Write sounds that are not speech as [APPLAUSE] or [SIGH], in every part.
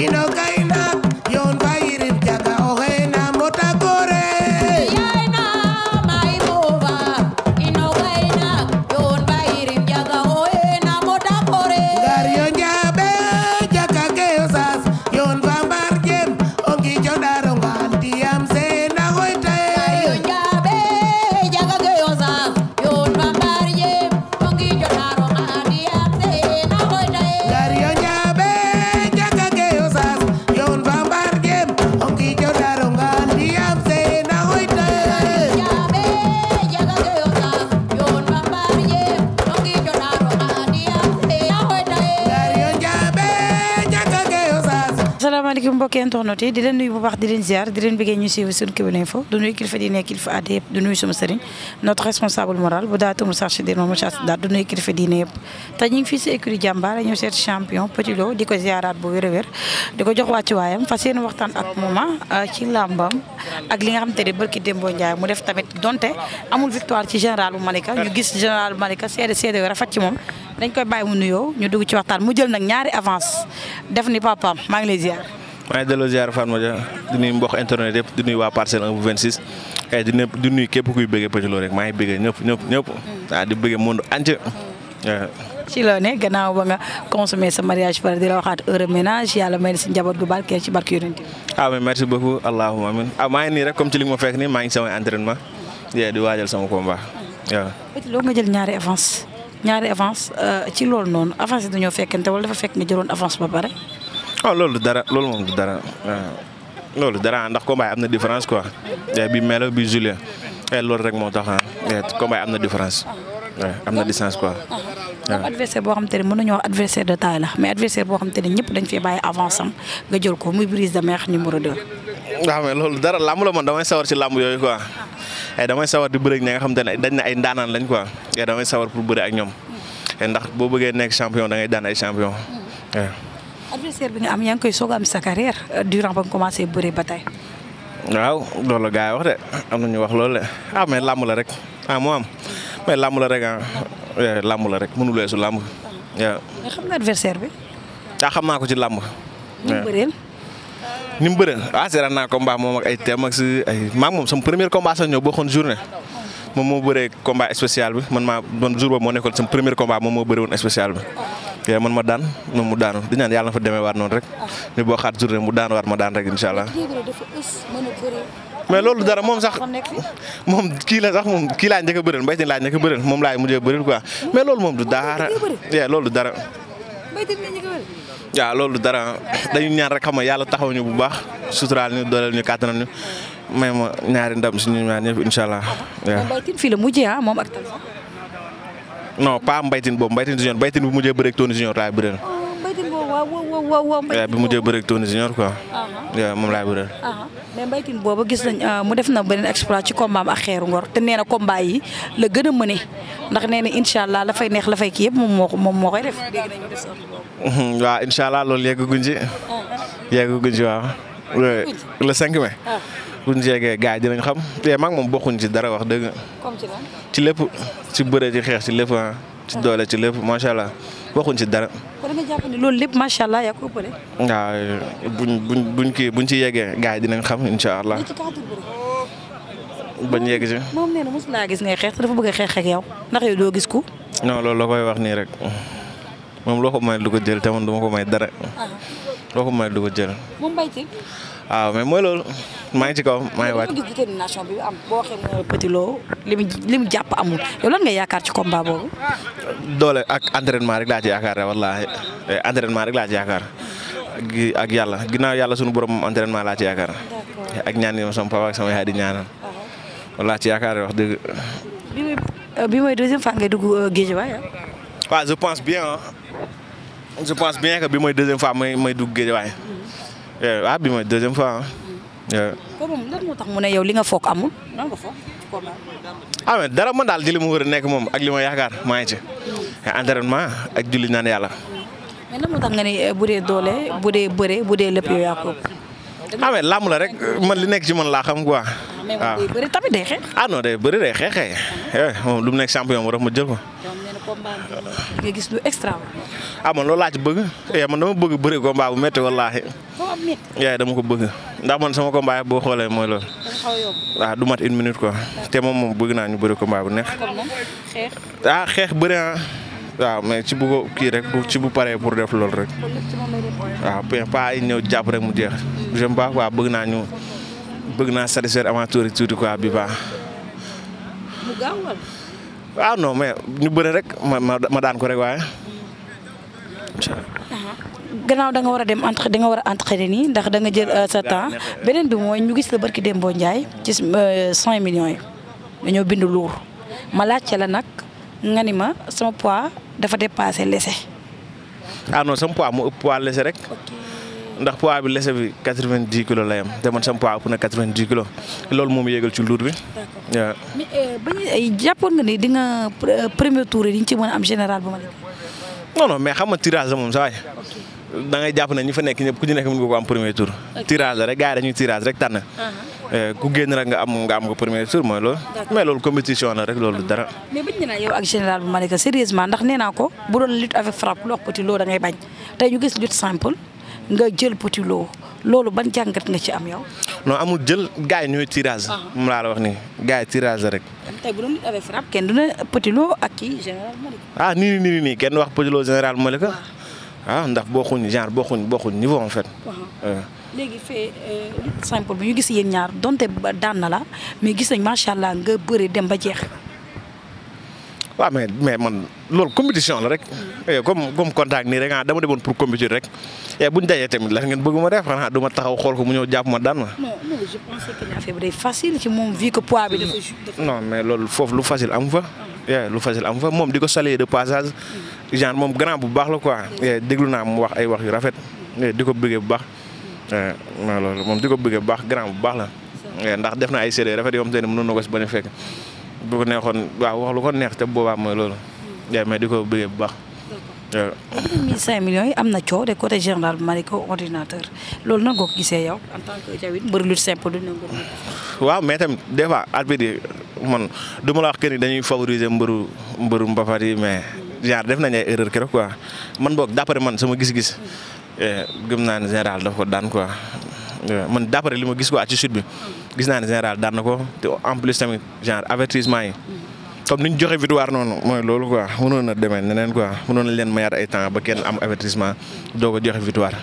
y no caí mbokki internet yi di leen nuyu bu baax di leen ziar di leen bëggee ñu suivre suñu Kewel Info du nuyu kilifa diine kilifa aada yëpp du nuyu sama sëriñ notre responsable moral bu daa tëmul sax si dér moom sax daal du nuyu kilifa diine yëpp te ñu ngi fii si écurie jàmbaar ñëw seet champion Petit Lo di ko ziaraat bu wér a wér di ko jox wàccu waayam fas yéene waxtaan ak mooma ah, ci làmbam ak li nga xam te ne barki Dembo Ndiaye mu def tamit donte amul victoire ci général bu Malika ñu gis général bu Malika seede seede rafet ci moom dañ koy bàyyi mu nuyoo ñu dugg ci waxtaan mu jël nag ñaari avance def ni papaam maa ngi lay ziar maa ngi delloo ziar Fatma Dia di nuyu mbokk internet yëpp di nuyu waa parcelle 1 bu 26. ay di nëpp di nuyu képp bëggee Petit Lo rek maa bëggee ñëpp ñëpp ñëpp mm. di bëggee monde entier. ci mm. loo ne gannaaw ba nga consommé sa mariage par di la waxaat heure ménage yàlla may na si njaboot gu barke ci barke yonent ah mais merci beaucoup allahumma amin ah nii rek comme ci li ma fekk nii maa ngi samay entraînement di waajal sama combat waaw. Petit Lo nga jël ñaari avance euh, ci loolu noonu avance dañoo fekkente wala dafa fekk nga jëloon avance ba oh loolu dara loolu moom dara ah, loolu dara ndax combat yi am na différence quoi eh, bi Melo bi Julien eh, loolu rek moo tax ah eh, combat yi am na différence waaw am na distance quoi. waaw adversaire boo xam te ne mën a wax adversaire de taille la mais adversaire boo xam te ne ñëpp dañ fee bàyyi avance am nga jël ko muy brise de mer numéro 2. waaw ah, mais loolu dara làmb la man damay sawar ci làmb yooyu quoi damay sawar di bëre ak ñi nga xam te ne dañ ne ay ndaanaan lañ quoi damay sawar pour bëre ak ñoom ndax boo bëggee nekk champion da ngay daan ay champion adversaire bi nga am yaa koy soog am sa carrière euh, durant ba nga commencé bëre ba tey. waaw loolu la gars de am na ñu wax loolu de ah mais làmb la rek ah am mais la rek ah la rek mënul weesu làmb. waaw bi. ah xam naa ko ci làmb. ni mu bëreel. ni mu bëreel ah seeraan naa moom ak ay thèmes ak si ay maa moom sama premier combat sax ñëw bokkoon journée. moom moo bëree combat spécial bi man maa man jour boobu moo nekkoon sama premier combat moom moo bëri woon spécial bi. kee man ma daan moom mu daanu di ñaan yàlla na fa demee waat noonu rek ñu ah. boo xaat journée mu daan waat ma daan rek incha allah mais loolu dara moom sax moom kii lay sax moom kii laa njëkk a bëreel mbay tin laa njëkk a bëreel moom laay mujjee bëreel quoi mais loolu moom du dara yee loolu dara waaw loolu dara dañu ñaan rek xam nga yàlla taxaw ñu bu baax suturaal ñu dooleel ñu kàttanal ñu may ma ñaari ndam suñu ñaar ñëpp incha allah non pas mbaytin boobu mbaytin junior mbaytin bu mujjee bëreeg Tony junior laay bëreel. Oh, mbaytin boobu waaw waaw waaw waaw mbaytin boobu bi mujjee bëreeg Tony junior quoi. waaw uh-huh. moom laay bëreel. Uh-huh. mais mbaytin boobu gis nañ euh, mu def na beneen exploit ci combat am ak xeeru ngor te nee na combat yi la gën a mëne ndax nee na incha allah la fay neex la fay kii yëpp moom moo ko moom moo koy def. [LAUGHS] waaw incha allah loolu yeggaguñ ci. Uh-huh. yeggaguñ ci waaw. le 5 mai. bu ñu jegee gars yi xam te moom bokkuñ ci dara wax dëgg. ci lépp ci bëre ci xeex ci lépp ah. ci ah. ci lépp macha allah bokkuñ ci dara. loolu lépp macha allah yaa ko buñ buñ buñ ci yeggee gars yi xam incha allah. bañ yegg ci. moom na mos naa gis ngay xeex dafa bëgg a xeex ak yow ndax yow doo gis ku. non loolu la koy wax nii rek moom loo ko may du ko jël te man du ma ko may dara. Ah. loo ko may du ko jël. waaw mais mooy loolu maa ngi ci kaw maa ngi wàcc. gis détermination li mu li mu jàpp amul yow lan nga yaakaar ci combat boobu. doole ak entraînement rek laa ci yaakaar eh, laa ci yaakaar ak yàlla naa yàlla sunu borom moom entraînement laa ci yaakaar. ak ñaan yi ma sama papa yaay di ñaanal. wallaahi uh-huh. ci yaakaar wax dëgg. bi mooy euh, bi mooy deuxième fois géej waay euh, ah? waaw je pense bien je pense bien bi mooy deuxième fois may may dugg géej waay waaw ah, bi mooy deuxième fois ah. kon mu ne yow li nga foog amul lan ah, dara man daal di li mu war a nekk moom ak li ma yaakaar maa ngi ci. Mm. entraînement ak julli naan yàlla. mais lan moo tax nga ne eh, bu dee doole bu dee bëre bu dee lépp yow yaa ko. ah la rek man li nekk ci man laa xam quoi. waaw ah, mais moom day bëri tamit day xeex. ah eh, moom lu mu nekk champion moo tax ma jël ko. combat bi gis lu extra. ah man loolu laa ci bëgg eh, man dama bëgg bëri combat bu métti wallaahi. foo yaay eh, dama ko bëgg ndax man sama combat boo xoolee mooy loolu. waaw ah, du mat une minute quoi. te moom moom bëgg naa ñu bëri combat bu neex. xeex. ah xeex bëri ah. waaw mais ci bu kii rek ci bu paree pour def loolu rek. waaw bien pas ay ñëw jàpp rek mu jeex. j'aime pas quoi bëgg naa ñu bëgg naa satisfaire amateur yi tuuti quoi bi baax. waaw ah, non mais ñu bëre rek ma ma daan ko rek waaye. Uh-huh. gannaaw da war a dem entre da nga war a entraîner nii ndax danga jël uh, sa temps beneen bi mooy ñu gis la barki Dembo Ndiaye ci uh, cent million yi dañoo bind luur ma laajte la nag nga ni ma sama pois dafa dépassé lese. ah non sama poids mu ëpp poids rek. ndax poids bi lese bi quatre-vingt-dix kilos la te man sama poids ëpp na quatre-vingt-dix kilos loolu moom yéegal ci luut bi. d'accord mais euh, nga ni di nga euh, premier tour yi di nga ci mën a am général ba ma non non mais xam nga tirage la moom saa da fa nekk ñëpp ku ñu nekk mën nga ko am uh-huh. eh, am nga am ko premier tour mooy loolu. mais loolu compétition la rek loolu dara. mais bañ naa yow ak général bu Malika sérieusement ndax nee ko bu doon lutte avec frappe lu petit loo da ngay bañ tey ñu gis lutte simple. nga jël petit lot loolu ban jàngat nga ci am yaw non amul jël gars yi ñooy tirage. Ah. moom laa la wax nii gars yi rek. tey bu kenn du ne petit lot ak kii général Malika. ah nii nii nii kenn wax petit lot général Malika. ah, ah ndax bokkuñ genre bokkuñ bokkuñ niveau en fait. Ah. léegi fee euh, simple bi ñu gis yéen ñaar donte daan na la mais gis nañ macha allah nga bëri dem ba jeex. waaw mais mais man loolu compétition la rek eh, comme comme contact nii rek ah dama demoon pour compétir rek et eh, buñ dayee tamit la ngeen bëgg ma def xanaa du ma xool ko mu ñëw jàpp ma daan ma. non non je pensais que affaire bi day mais loolu foofu lu facile am fa. Ah. Eh, lu facile am fa moom di ko saluer de passage mm. genre moom grand bu baax la quoi mm. déglu naa mu wax ay wax yu rafet mm. di ko bëggee bu baax loolu moom di ko bëggee bu baax grand bu baax la ndax def na ay séeréer rafet yoom xam te ne na ko si bañ a fekk. bu neexoon waaw wax lu ko neex te boobaa mooy loolu. yaa hmm. mais di ko bëggee bu baax. d'accord mais 5 yi am na coow de côté général Mariko ordinateur loolu nag nga gisee yow en mbër lu simple waaw mais tamit des fois arbitre man du ma la wax dañuy favoriser mbëru mbëru mbapat mais hmm. genre def nañ ay erreur keroog quoi man boog d'après man sama gis-gis hmm. eh, gëm naa ne général daf ko daan quoi eh, man d'après li ma gis quoi ci sud bi. gis naa ne général daan na ko te en plus tamit genre avertissement yi. comme ni ñu joxe victoire noonu mooy loolu quoi mënoon na demee neneen quoi mënoon na leen mayaat ay temps ba kenn am avertissement doo joxe victoire.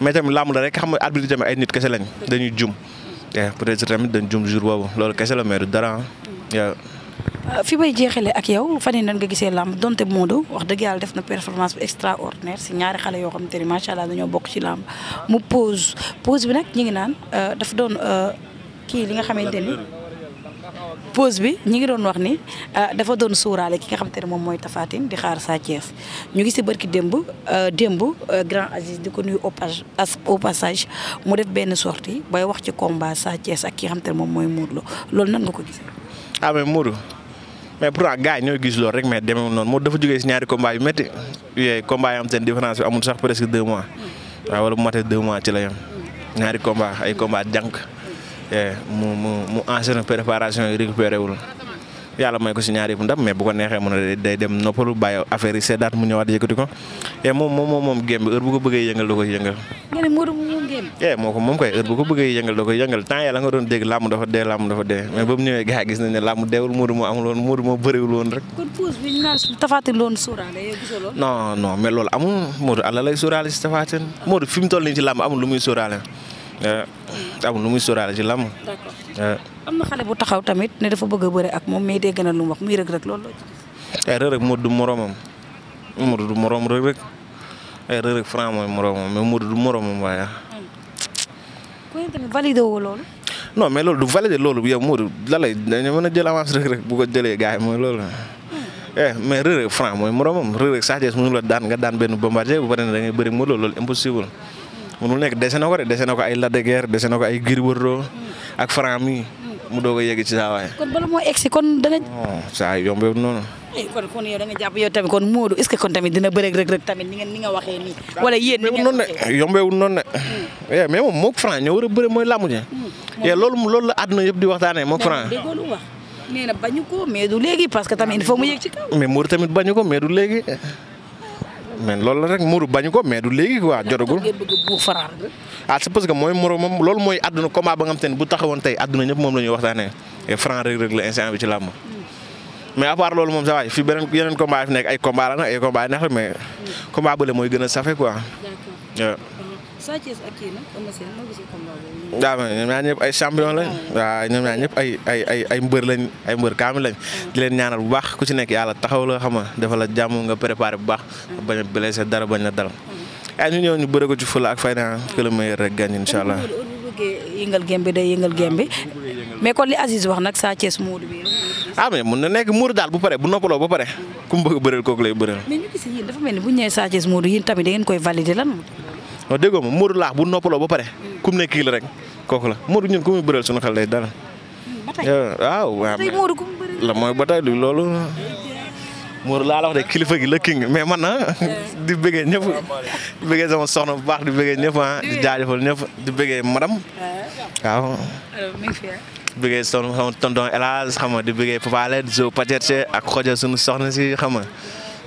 mais tamit làmb la rek xam nga arbitre tamit ay nit kese lañ dañuy jum. Eh, peut-être tamit dañ jum jour boobu loolu kese la mais du dara ah, euh, fi may jeexalee ak yow fan yii nan nga gisee làmb donte Modou wax dëgg yàlla def na performance bu extraordinaire si ñaari xale yoo xam te ne ma allah dañoo bokk ci làmb kii li nga xamante ni pause bi ñu ngi doon wax ni euh, dafa doon suuraale ki nga xam xamante ne moom mooy Tafatine di xaar Sa Thiès ñu ngi si barki démb euh, démb euh, grand Aziz di ko nuyu au passage mu def benn sortie bay wax ci combat Sa Thiès ak ki nga xamante ne moom mooy Modou loolu nan nga ko gisee. ah mais Modou mais pourtant gars yi ñooy gis loolu rek mais demeewul noonu Modou dafa jógee si ñaari combat yu métti yooyu combat yi seen différence bi amul sax presque deux mois hmm. waaw wala bu matee mois ci la yem ñaari combat ay combat jànk. Eh, mu mu mu enchaîner préparation yi récupéré wul yàlla may ko si ñaar yëpp ndam mais bu ko neexee mu ne day dem noppalu bàyyi affaire yi seddaat mu ñëwaat yëkkati ko et eh, moom moom moom géem bi bu ko bëggee yëngal da koy yëngal. Eh, moom ko moom koy heure bu ko bëggee yëngal da yëngal temps yàlla nga doon dégg làmm dafa dee làmm dafa dee mais ba mu ñëwee gars yi gis nañ ne làmm deewul Modou moo amul woon Modou moo bëriwul woon rek. kon puus bi ñu loon sóoraale yow gisoo mais loolu amul Modou àlla lay si tafaatin Modou fi mu toll nii ci làmm amul lu muy sóoraale Euh, amul lu muy sóoraale ci làmb. d'accord euh. am na xale bu taxaw tamit ne dafa bëgg a bëre ak moom mais dégg na lu mu wax muy rek rek loolu ay Reug Reug Modou du moromam Modou du morom Reug Reug ay mooy moromam mais Modou du moromam waaye. Hmm. kon tamit validé woo loolu. non mais loolu du validé loolu yow Modou la lay dañu mën a jël avance Reug Reug bu ko jëlee gars yi mooy loolu. Hmm. eh mais Reug Reug Franc mooy moromam Reug Reug Sa Thiès mënu la daan nga daan benn bombardier bu pare ne da ngay bëri Modou loolu impossible. mënul nekk dese ko de dese na ko ay Lac de Guiers na ko ay Gris Bordeaux ak Franc mu doog a yegg ci saa waay. kon bala moo egg si kon dana. saa noonu. Eh, kon kon yow jàpp yow kon Modou est-ce que dina bëreeg rek rek tamit ni nga nga waxee nii. wala yéen ni ngeen waxee yombewul noonu ne yombewul hmm. eh, moom moog Franc ñoo war a bëre mooy làmb ja. Hmm. Eh, loolu loolu la àdduna yëpp di waxtaanee moog Franc. nee na bañu ko mais du léegi parce que tamit bañu ko mais du léegi. mais loolu la rek Modou bañ ko mais du léegi quoi jotagul. ah c'est parce que mooy moromam loolu mooy àdduna combat ba nga xam ne bu taxawoon tey àdduna ñëpp moom la ñuy waxtaanee et franc Reug Reug la instant bi ci làmb hmm. mais à part loolu moom sa waay fi beneen yeneen combat yi fi nekk ay combat la nag ay combat neex la mais hmm. combat bële mooy gën a safe quoi. d'accord Sa Thiès ak kii nag ay champion lañ. Ah. waaw ñoom ñaar ñëpp ay ay ay ay mbër lañ ay mbër kaamil lañ. Ah. di leen ñaanal bu baax ku ci nekk yàlla taxaw la xam na dafa la jàmm nga préparé bu baax. Ah. bañ a blessé dara bañ a dal. ay ñu ñëw ñu bëre ko ci fula ak fayda que le meilleur rek gagne incha allah. yëngal gem bi day yëngal gem bi mais kon li Aziz wax nag Sa Thiès Modou mun na nekk muur daal bu pare bu noppaloo ba pare ku mu bëgg bëreel kooku lay bëreel. mais ñu gis yéen dafa mel ni bu ñu Sa Thiès Modou yéen tamit da ngeen koy valider lan non déggoo ma Modou laax bu noppaloo ba pare ku mu ne kii la rek kooku la Modou ñun ku muy bëreel suñu xel day dara. Eh, la mooy ba tey loolu. Modou laa la wax de kilifa gi la king mais man na ah, eh. di bëggee ñëpp di bëggee sama soxna bu baax di bëggee ñëpp ah di jaajëfal ñëpp di bëggee madame eh. waaw. di bëggee soxna sama tonton El Hadj xam nga di bëggee Papa Led Zo Paterche ak xoja suñu soxna si xam nga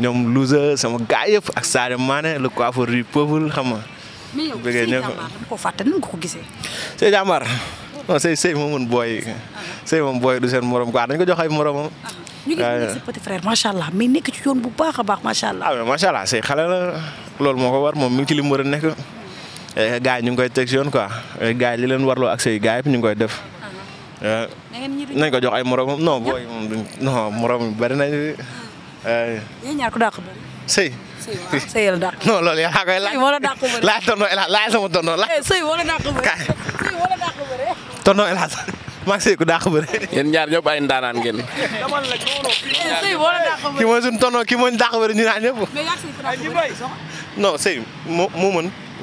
ñoom Louga sama gaay yëpp ak Sadio Mané le coiffeur du peuple xam nga bëggee ñëpp ko fàtte nan ko gise Sey jàmbaar non Sey Sey moo mën booy ah. Sey moom booy du seen morom quoi dañ ko jox ay moromam. Ah. ñu ngi nekk si allah mais nekk ci yoon bu baax a baax macha allah. ah macha allah moo ko war moom mi ngi ci li mu war a nekk gars ñu ngi koy teg si gars yi leen warloo ak Sey gars yi ñu ngi koy eh, def. Ah. Eh, nañ ko jox ay moromam non booy moom bari nañ. Eh. yéen sëy. sëy waaw sëy la dàq. non loolu yaa koy laaj. sëy moo la dàq bëre laaj tonton El Hadj laaj sama ku dàq bëre. yéen ñaar ñëpp ay ndaanaan ngeen. ki mooy suñu tonton ki mooy dàq bëre ñu naan ñëpp. non sëy moo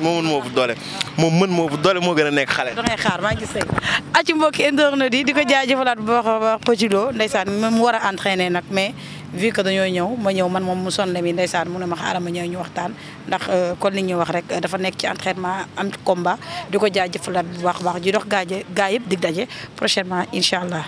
moo mën moo fu doole moo mën moo fu doole moo gën a nekk da xaar maa ngi gis aci mbokki internet yi di ko jaajëfalaat bu baax a baax Petit mu war a nag mais vu que dañoo ñëw ma ñëw man moom mu sonn mi ndeysaan mu ne ma xaaral ma ñëw ñu waxtaan ndax kon euh, li ñu wax rek dafa nekk ci entraînement am ci combat di ko jaajëfalaat bu baax a baax ji dox gaaje gaa yëpp dig daje prochainement incha allah.